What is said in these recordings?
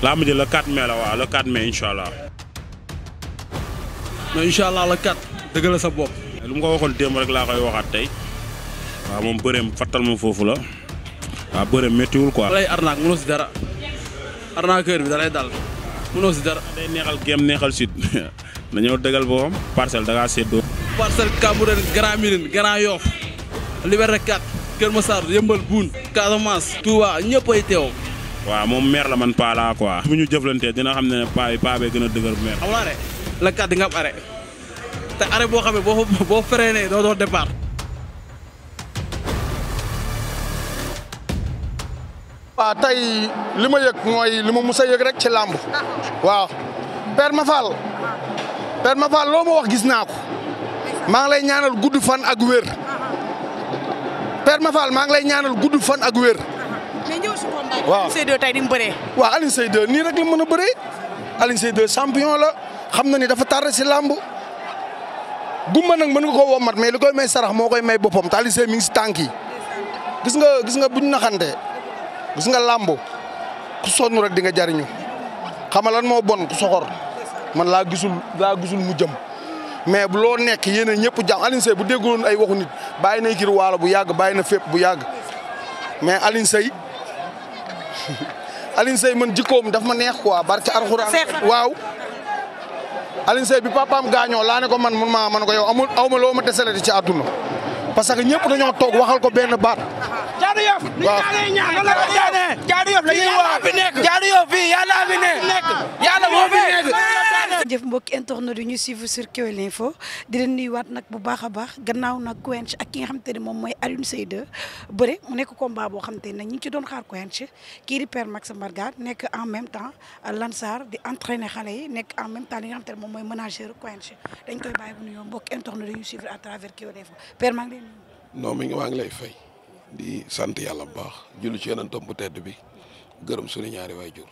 làmb ji le 4 mai la waaw le 4 mai incha allah. mais incha allah le sa bopp. lu mu ko waxoon démb rek laa koy waxaat tey waaw moom bëreem fattal ma foofu la waaw bëreem méttiwul quoi. lay arnaque mënoo si dara arnaqueur bi da lay dal mënoo si dara. day neexal géem neexal sud dañoo dëggal boppam parcelle da ngaa séddoo. parcelle Cambérène Grand Médine Grand Liberté 4 Kër Massar Yëmbal Boune Casamance Touba ñëpp teew. waaw moom meer la man paa laa quoi. bu ñu jëflantee dina xam ne paa yi paa bee gën a dëgër bu meer. amul la kat di nga am arrêt boo xam ne boo boo freiné doo doon départ. waaw tey li ma yëg mooy li ma mus yëg rek ci làmb waaw Père Mafal Père Mafal loo ma wax gis naa ko maa ngi lay ñaanal gudd fan ak wér Père maa ngi lay ñaanal gudd fan ak wér. ñëw si combat waaw Alioune tey ni mu bëree. waaw nii rek la mën a bëree Alioune Seye 2 la xam na ni dafa tardé si làmb. gumba nag mën nga koo wommat mais li koy may sarax moo koy may boppam te Alioune Seye mi ngi si tànk yi gis nga gis nga buñ naxante gis nga làmb ku sonn rek di nga jariñu xam nga lan moo bon ku soxor man laa gisul laa gisul mu jëm mais bu loo nekk yéen ñëpp jàmm Alioune bu déggoon ay waxu nit bàyyi na kir waalo bu yàgg bàyyi na fépp bu yàgg mais Alioune Seye Alioune Seye man jikkoom ma neex quoi barke alxuraan waaw Alioune bi papaam gaañoo laa ne ko man mun maa man ko yow amul aw ma loo ma desalati ci àdduna parce que ñëpp dañoo toog waxal ko benn baat. waaw jaadu yof. waaw jaadu yof la ñuy wax jaadu yof fii jërëjëf mbokki internet yi ñu suivre sur Kewel Info di leen nuyuwaat nag bu baax a baax gannaaw nag Quench ak ki nga xamante ne moom mooy Alioune Seye 2 bëre mu nekk combat boo xam ne ñu ngi ci doon xaar Quench kii di Père Max Mbargane nekk en même temps Lansar di entraîner yi nekk en même temps li moom mooy manager Quench dañ koy bàyyi bu nuyoo mbokki internet yi ñu suivre à mi ngi maa ngi lay fay di sant yàlla bu baax julli ci yonentam bu tedd bi gërëm suñu ñaari waajur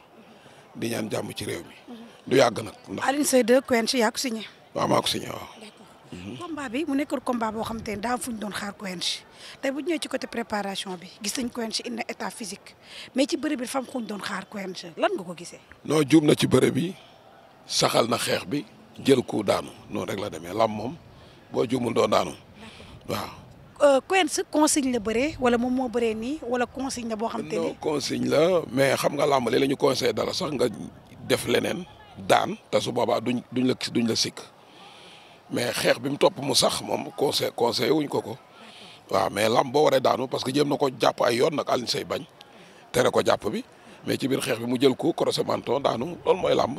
di ñaan ci réew mi du yàgg nag. ndax Alioune Seye yaa ko signé. waaw maa ko signé waaw. d'accord combat bi mu nekkul combat boo xam te ne daaw fu doon xaar Quench tey bu ñu ñëwee côté préparation bi gis nañ Quench indi état physique mais ci bëre bi fam ku ñu doon xaar Quench lan nga ko gisee. non juum na ci bëre bi saxal na xeex bi jël ko daanu noonu rek la demee lam moom boo juumul doo daanu waaw. Euh, Quench consigne la bëree wala moom moo bëree nii wala consigne la boo xam te ni. non la mais xam nga làmb li la ñu conseillé dara sax nga def leneen. daan te su boobaa duñ duñ la duñ la sikk mais xeex bi mu topp mu sax moom conseil conseil wuñ ko ko waaw mais lam boo waree daanu parce que jéem na ko jàpp ay yoon nag Alioune Seye bañ tere ko jàpp bi mais ci biir xeex bi mu jël ko croisé menton daanu loolu mooy làmb.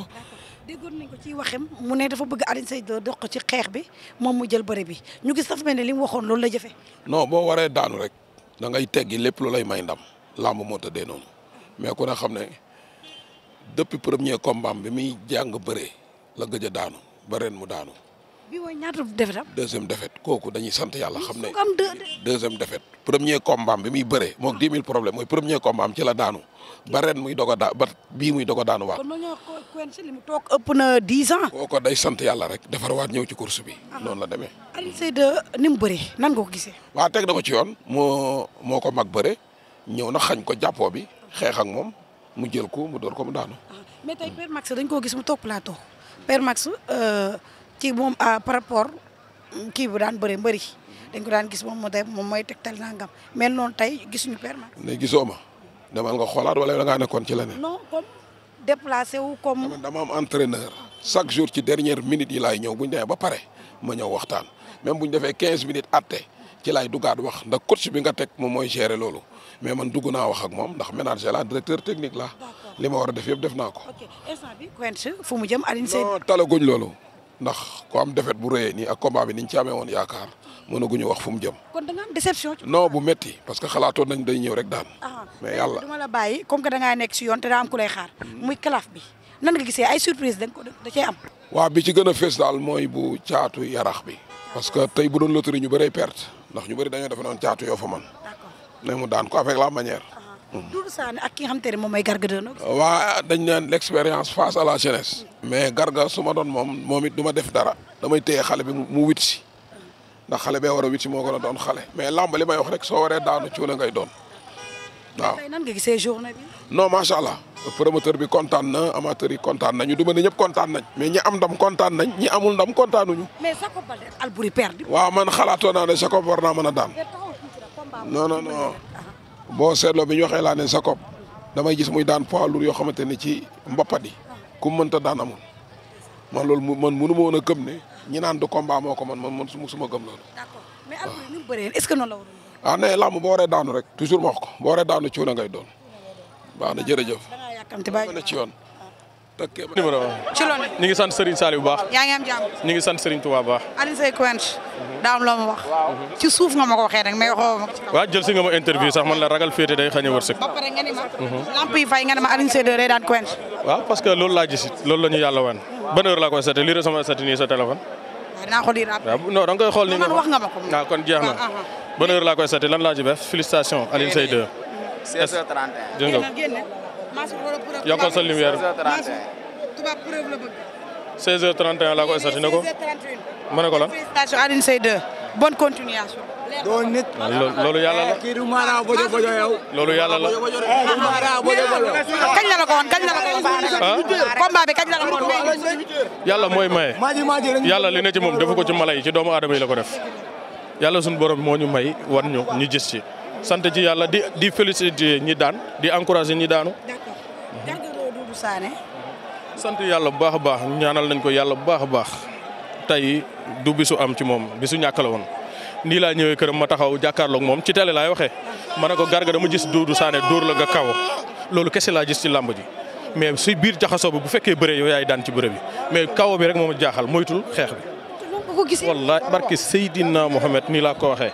déggoon nañ ko ci waxem mu ne dafa bëgg Alioune Seye dox ko ci xeex bi moom mu jël bari bi ñu gis dafa mel ne li mu waxoon loolu la jëfe no boo waree daanu rek da ngay teggi lépp lu lay may ndam làmb moo tëddee noonu mais ku xam ne. depuis premier combat bi muy jàng bëre la gëj a daanu ba ren mu daanu. bi mooy ñaata défaite am. deuxième défaite kooku dañuy sant yàlla xam ne. deuxième defet premier combat bi muy bëree moog 10 ah. 000 problème mooy premier combat am ci la daanu ba ren muy doog a daa ba bii muy doog a daanu waat. kon ma toog ëpp na 10 ans. kooku day sant yàlla rek defarwaat ñëw ci course bi. Ah. noonu la demee. Alioune ni mu bëree nan ko ko gisee. waa teg na ko ci yoon. moo moo ko mag bëree ñëw na xañ ko jàppoo bi xeex ak moom. mu jël ko mu door ko mu daanu. Ah, mais tey Père Max dañ koo gis mu toog plateau. Père Max ci euh, moom ah, par rapport mm, kii bu daan bëree mbëri dañ ko daan gis moom moo tey moom mooy tegtal nangam mel noonu tey gisuñu Père Max. ne gisoo ma demal nga xoolaat wala dangaa nekkoon ci leneen. non comme déplacé wu comme. dama am entraîneur chaque jour ci dernière minute yi laay ñëw bu ñu demee ba pare ma ñëw waxtaan même bu ñu defee quinze minutes àtte. ci laay dugaat wax ndax coach bi nga teg moom mooy gérer loolu mais man dugg naa wax ak moom ndax ménager la directeur technique la li ma war a def yëpp def naa ko. ok instant bi fu mu jëm Alioune Sèye non talaguñ loolu ndax ko am défaite bu rëyee nii ak combat bi niñ ci amee woon yaakaar mënaguñu wax fu mu jëm. kon da nga am déception. bu metti parce que xalaatoon nañ day ñëw rek daan. Ah, mais yàlla du ma la bàyyi comme que da nekk si yoon te daa am ku lay xaar. Hmm. muy calaf bi nan nga gisee ay surprise da nga ko da cee am. waaw bi ci gën a fees daal mooy bu caatu yarax bi. Ah. parce que tey bu doon loterie ñu bëree perte. ndax ñu bëri dañoo defe doon caatu yoo fa man ne mu daan ko avec la manière. Mm. Doudou ak ki nga xam te ne moom mooy waa dañ naan l' expérience face à la jeunesse. Mm. mais Garga su ma doon moom moom it duma ma def dara damay téye xale bi mu wit si mm. ndax xale bee war a wit moo gën a doon xale mais làmb li may wax rek soo waree daanu cuula ngay doon. waaw tey nan nga gisee journée bi. non macha allah promoteur bi kontaan na amateur yi kontaan nañu du ma ne ñëpp kontaan nañ. mais ñi am ndam kontaan nañ ñi amul ndam kontaanuñu. mais Jacob Baldé ak Alboury perdu. waaw man xalaatoo naa ne Jacob war naa mën a daan. non non non boo seetloo bi ñu waxee laa ne Jacob damay gis muy daan poids lourd yoo xamante ne ci mbappat yi ku mu ta daan amul man loolu man mënu ma a këm ne ñi naan du combat moo ko man man man su ma gëm loolu. d'accord mais Alboury ni mu bëree est-ce que noonu la woon ah nee boo waree daanu rek toujours ma wax ko boo waree daanu cuuna ngay doon baax na jërëjëf. na ci yoon. ok numéro ci loolu ñu ngi sant Serigne Saliou baax. yaa ngi am jàmm. ngi sant Serigne Touba bu baax. Alioune Seye Quench. daam loo ma wax. ci suuf nga ma ko waxee rek mais waxoo ma nga ma interview sax man la ragal féete day xañ a wërsëg. Mhm. lamp yi fay nga ne ma Alioune Seye de Rédan parce que loolu laa gis loolu la ñu yàlla wan. ban heure laa koy seetee lii sama seeti sa téléphone. dinaa ko di rappelé. non nga koy xool ni nga wax nga ma ko. waaw ah, kon jeex na ah, ah, bonne heure laa koy sati lan laa ci def félicitation Alioune Seye 2. ko. yokkal sa lumière tubaab preuve la bëgg. laa koy sati ne ko. ma ne ko lan félicitation Alioune bonne continuation. doo loolu yàlla la eh, loolu yàlla la. Eh, kañ la la woon kañ la la woon. yàlla mooy maye. yàlla li na ci moom defu ko ci mala yi ci doomu aadama yi la ko def. yàlla suñu borom moo ñu may war ñu ñu gis ci. sant ci yàlla di di féliciter ñi daan di encourager ñi daanu. sant yàlla bu baax a baax ñaanal nañ ko yàlla bu baax a baax. tey du bisu am ci moom bisu ñàkk la woon. nii laa ñëwee këram ma taxaw jàkkaarloog moom ci télé laay waxee ma ne ko Garga dama gis Doudou Sané dóor la nga kaw loolu kese laa gis ci làmb ji mais si biir jaxasoo bi bu fekkee bëree yow yaay daan ci bëre bi mais kaw bi rek moom jaaxal moytul xeex bi. wallaay barki Seydina Mohamed nii laa ko waxee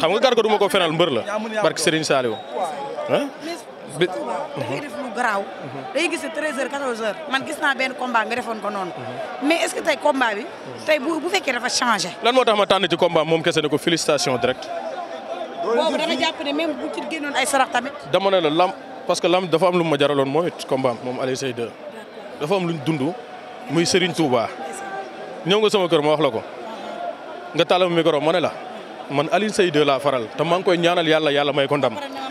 xam nga Garga du ma ko fenal mbër la barki Serigne Saliou ah bi dafay def lu garaaw. man gis naa benn combat nga defoon ko noonu. mais est ce que bi. tey bu bu fekkee dafa changé. lan moo tax ma tànn ci combat moom kese ne ko félicitation direct. boobu da jàpp ne même bu ci génnoon ay sarax tamit. dama ne la lam parce que lam dafa am lu ma jaraloon mooy it combat moom Alioune Seye 2 dafa am luñ dund muy Serigne Touba. ñëw nga sama kër ma wax la ko. nga tàllal micro ma ne la man Alioune Seye 2 laa faral te maa ngi koy ñaanal yàlla yàlla may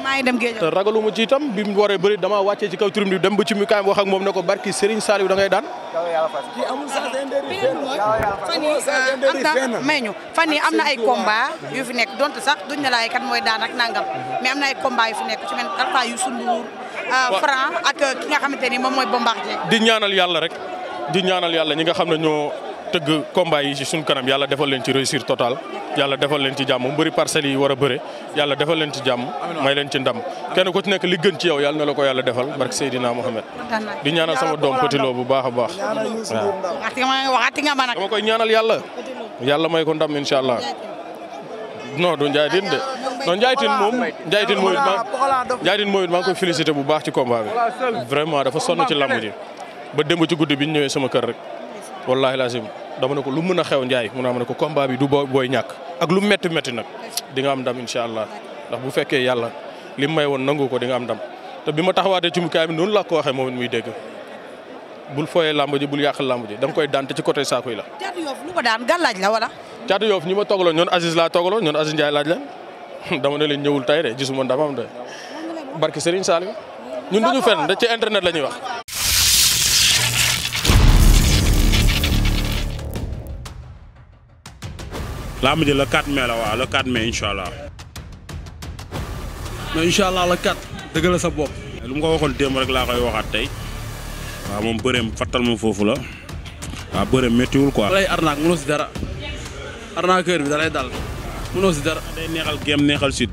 maa ngi dem géej te ragalu ci itam bi mu waree bëri dama wàccee ci kaw turim bi dem ba ci mi kaay wax ak moom ne ko barki Serigne Saliou da ngay daan may ñu fan yi am na ay combat yu fi nekk donte sax duñ ne laay kan mooy daan ak nangam mais am na ay combat yu fi nekk ci mel alpha yu sunduur franc ak ki nga xamante ni moom mooy Bombardier di ñaanal yàlla rek di ñaanal yàlla ñi nga xam ne ñoo tëgg combat yi ci suñu kanam yàlla defal leen ci réussir total yàlla defal leen ci jàmm mbëri parcelles yi war a bëre yàlla defal leen ci jàmm may leen ci ndam kenn ku ci nekk li gën ci yow yàlla na la ko yàlla defal barke Seydina Mohamed di ñaanal sama doom Petit Lo bu baax a baax waaw dama koy ñaanal yàlla yàlla may ko ndam incha allah no du Ndiaye Tine de non Ndiaye Tine moom Ndiaye Tine mooy Ndiaye Tine mooy maa koy félicité bu baax ci combat bi vraiment dafa sonn ci làmb ji ba démb ci guddi bi ñu ñëwee dama ne ko lu mën a xew Ndiaye mu ne ko combat bi du booy ñàkk ak lu métti métti nag di nga am ndam incha allah ndax bu fekkee yàlla li may woon nangu ko di nga am ndam te bi ma taxawaatee ci mukaay bi noonu laa ko waxee moom muy dégg bul fooyee làmb ji bul yàqal làmb ji da nga koy daan te ci côté saako yi la. Caatu Yoff lu ko daan gàllaaj la wala. Caatu Yoff ñi ma toogaloon ñoon Aziz laa toogaloon ñoon Aziz Ndiaye laaj leen dama ne leen ñëwul tay de gisuma ndamam de barki Serigne Saliou ñun duñu la ñuy wax. laa mujj le 4 mai la waaw le 4 mai incha allah. mais incha allah le sa bopp. lu mu ko waxoon démb rek laa koy waxaat tey waaw moom bëreem fàttal ma foofu la waaw bëreem méttiwul quoi. da lay arnaque bi da dal mënoo si dara. day neexal géem neexal sud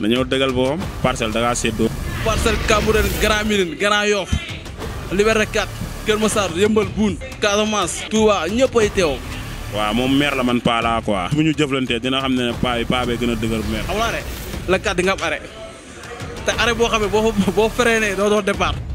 dañoo dëggal boppam parcelle da ngaa séddoo. parcelle Cambérène Grand Médine Grand Liberté 4 Kër Massar Yëmbal Boune Casamance Touba ñëpp teew. waaw moom maire la man paa laa quoi. mu ñu jëflantee dina xam ne ne paa yi paa bee a dëgër maire. amul arrêt la kat di nga am arrêt te arrêt boo xam ne boo boo freiné doo doo départ.